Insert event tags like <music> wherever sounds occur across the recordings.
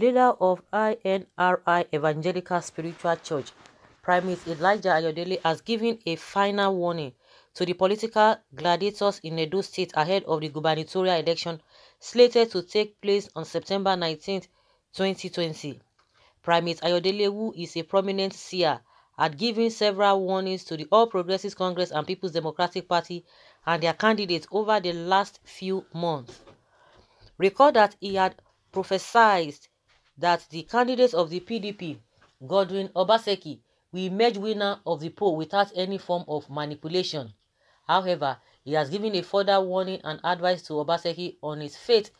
leader of INRI Evangelical Spiritual Church, Primate Elijah Ayodele, has given a final warning to the political gladiators in Edo State ahead of the gubernatorial election slated to take place on September 19, 2020. Primate Ayodele, who is a prominent seer, had given several warnings to the All Progressives Congress and People's Democratic Party and their candidates over the last few months. Recall that he had prophesied that the candidates of the PDP, Godwin Obaseki, will emerge winner of the poll without any form of manipulation. However, he has given a further warning and advice to Obaseki on his fate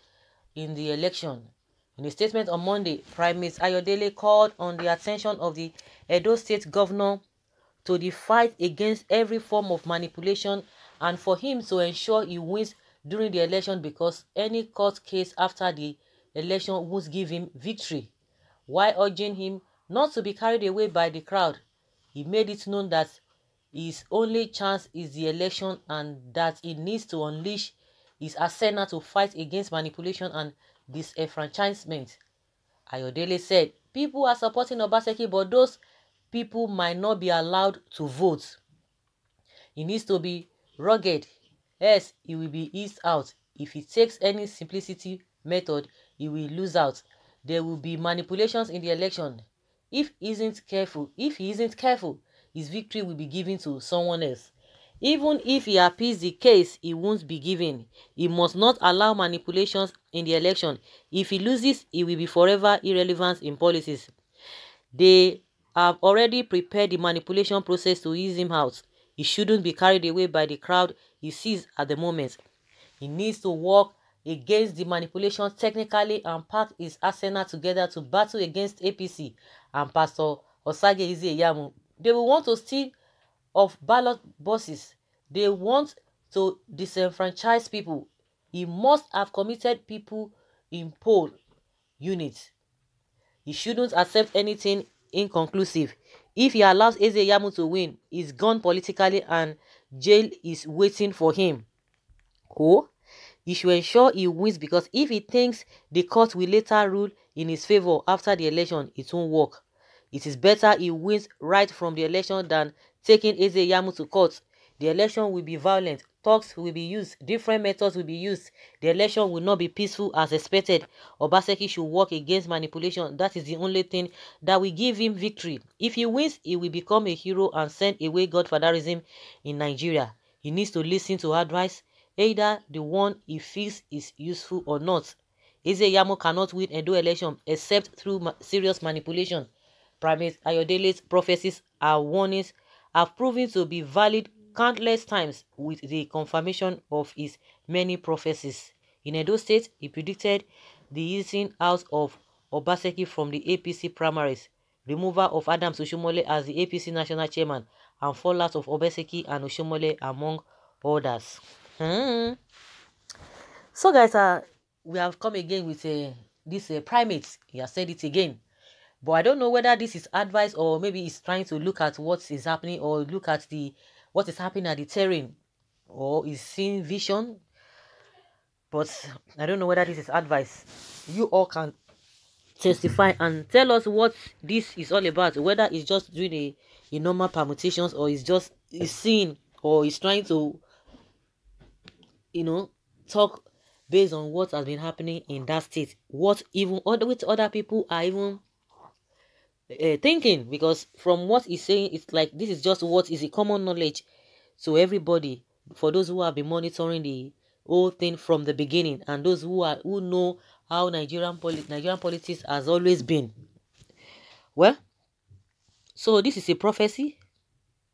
in the election. In a statement on Monday, Prime Minister Ayodele called on the attention of the Edo State Governor to the fight against every form of manipulation and for him to ensure he wins during the election because any court case after the election would give him victory. While urging him not to be carried away by the crowd, he made it known that his only chance is the election and that he needs to unleash his arsenal to fight against manipulation and disenfranchisement. Ayodele said, People are supporting Obaseki, but those people might not be allowed to vote. He needs to be rugged. Yes, he will be eased out if he takes any simplicity method he will lose out. There will be manipulations in the election. If he isn't careful, if he isn't careful, his victory will be given to someone else. Even if he appeals the case, he won't be given. He must not allow manipulations in the election. If he loses, he will be forever irrelevant in policies. They have already prepared the manipulation process to ease him out. He shouldn't be carried away by the crowd he sees at the moment. He needs to work against the manipulation technically and pack his arsenal together to battle against APC and Pastor Osage Ezeyamu. They will want to steal of ballot boxes. They want to disenfranchise people. He must have committed people in poll units. He shouldn't accept anything inconclusive. If he allows Ezeyamu to win, he's gone politically and jail is waiting for him. Oh? He should ensure he wins because if he thinks the court will later rule in his favor after the election, it won't work. It is better he wins right from the election than taking Eze Yamu to court. The election will be violent. Talks will be used. Different methods will be used. The election will not be peaceful as expected. Obaseki should work against manipulation. That is the only thing that will give him victory. If he wins, he will become a hero and send away godfatherism in Nigeria. He needs to listen to advice either the one he feels is useful or not. Ezeyamo cannot win Edo election except through ma serious manipulation. Primate Ayodele's prophecies are warnings have proven to be valid countless times with the confirmation of his many prophecies. In Edo State, he predicted the easing out of Obaseki from the APC primaries, removal of Adams Oshomole as the APC national chairman, and fallout of Obaseki and Oshomole among others. Hmm. So, guys, uh, we have come again with uh, this uh, primate. He has said it again. But I don't know whether this is advice or maybe he's trying to look at what is happening or look at the what is happening at the terrain or is seeing vision. But I don't know whether this is advice. You all can testify and tell us what this is all about whether it's just doing a, a normal permutations or it's just is seeing or is trying to you know, talk based on what has been happening in that state. What even other with other people are even uh, thinking because from what he's saying, it's like this is just what is a common knowledge to everybody. For those who have been monitoring the whole thing from the beginning, and those who are who know how Nigerian poli- Nigerian politics has always been. Well, so this is a prophecy.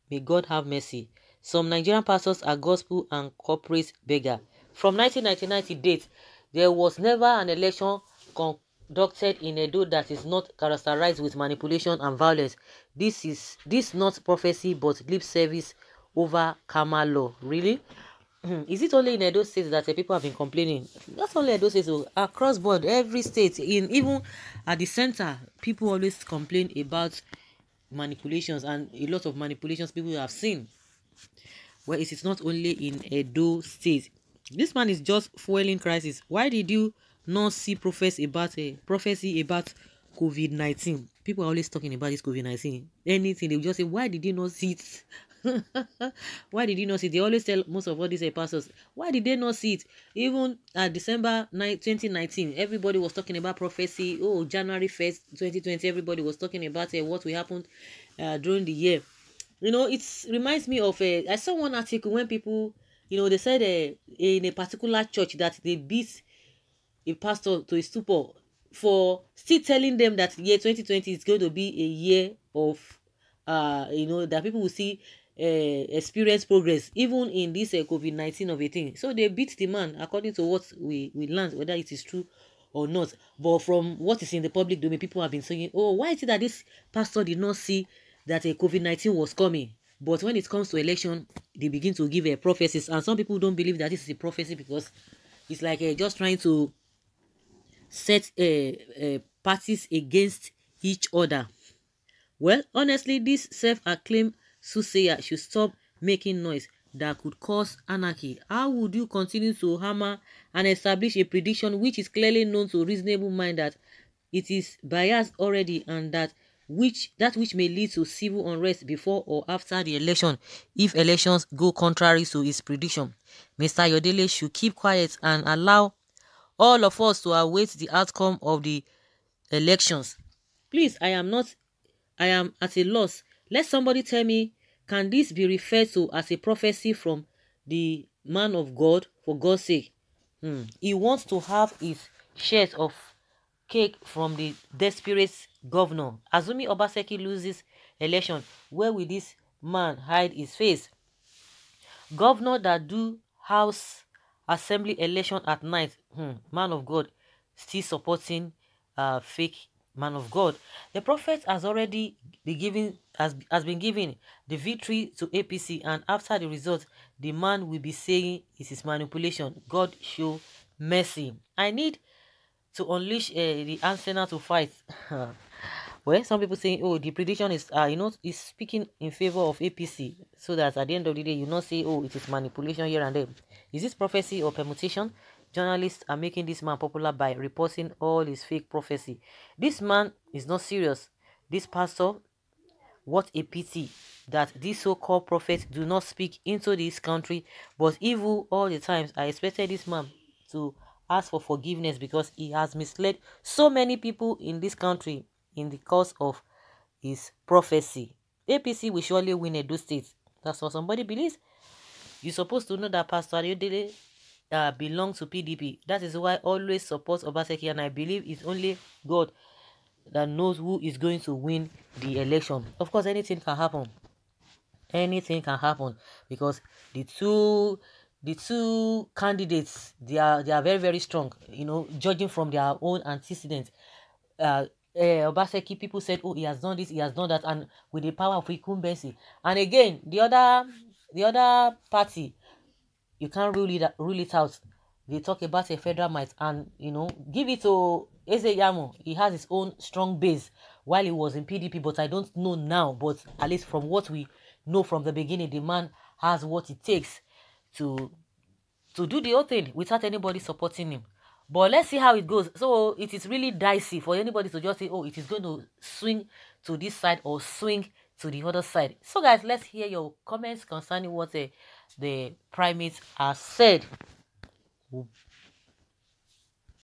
May God have mercy. Some Nigerian pastors are gospel and corporate beggar. From 1999 to date, there was never an election conducted in Edo that is not characterized with manipulation and violence. This is this not prophecy but lip service over karma law. Really? <clears throat> is it only in Edo states that the people have been complaining? That's only Edo states. Oh, across board, every state, in even at the center, people always complain about manipulations and a lot of manipulations people have seen Well, it is not only in Edo State. This man is just fueling crisis. Why did you not see prophecy about a eh, prophecy about covid nineteen? People are always talking about this covid nineteen. Anything, they just say, why did you not see it? <laughs> why did you not see it? They always tell most of all these eh, pastors, why did they not see it? Even at December twenty nineteen. everybody was talking about prophecy. Oh, January first twenty twenty. everybody was talking about uh, what will happen uh, during the year you know it reminds me of a eh, i saw one article when people you know they said uh, in a particular church that they beat a pastor to a stupor for still telling them that year 2020 is going to be a year of uh you know that people will see uh, experience progress even in this uh, covid-19 of a thing so they beat the man according to what we we learned whether it is true or not but from what is in the public domain people have been saying oh why is it that this pastor did not see that a COVID-19 was coming. But when it comes to election, they begin to give a prophecies. And some people don't believe that this is a prophecy because it's like uh, just trying to set uh, uh, parties against each other. Well, honestly, this self-acclaimed soothsayer should stop making noise that could cause anarchy. How would you continue to hammer and establish a prediction which is clearly known to reasonable mind that it is biased already and that which that which may lead to civil unrest before or after the election if elections go contrary to his prediction. Mr. Yodele should keep quiet and allow all of us to await the outcome of the elections. Please, I am not I am at a loss. Let somebody tell me, can this be referred to as a prophecy from the man of God for God's sake? Hmm. He wants to have his shares of cake from the desperate governor. Azumi Obaseki loses election. Where will this man hide his face? Governor that do house assembly election at night. Hmm, man of God still supporting uh, fake man of God. The prophet has already been given has, has been given the victory to APC and after the result, the man will be saying it is manipulation. God show mercy. I need to unleash uh, the arsenal to fight. <laughs> well, some people saying, oh, the prediction is, uh, you know, is speaking in favor of APC, so that at the end of the day, you not say, oh, it is manipulation here and there. Is this prophecy or permutation? Journalists are making this man popular by reporting all his fake prophecy. This man is not serious. This pastor, what a pity that these so-called prophets do not speak into this country, but evil all the times. I expected this man to ask for forgiveness because he has misled so many people in this country in the course of his prophecy. APC will surely win do State. That's what somebody believes. You're supposed to know that Pastor Ayodele uh, belongs to PDP. That is why I always support Obaseki and I believe it's only God that knows who is going to win the election. Of course, anything can happen. Anything can happen because the two the two candidates they are they are very very strong you know judging from their own antecedents uh, uh Obaseki people said oh he has done this he has done that and with the power of incumbency and again the other the other party you can't rule it rule it out they talk about a federal might and you know give it to Ezeyamo he has his own strong base while he was in PDP but I don't know now but at least from what we know from the beginning the man has what it takes to to do the whole thing without anybody supporting him. But let's see how it goes. So it is really dicey for anybody to just say, oh, it is going to swing to this side or swing to the other side. So guys, let's hear your comments concerning what the, eh, the primates are said.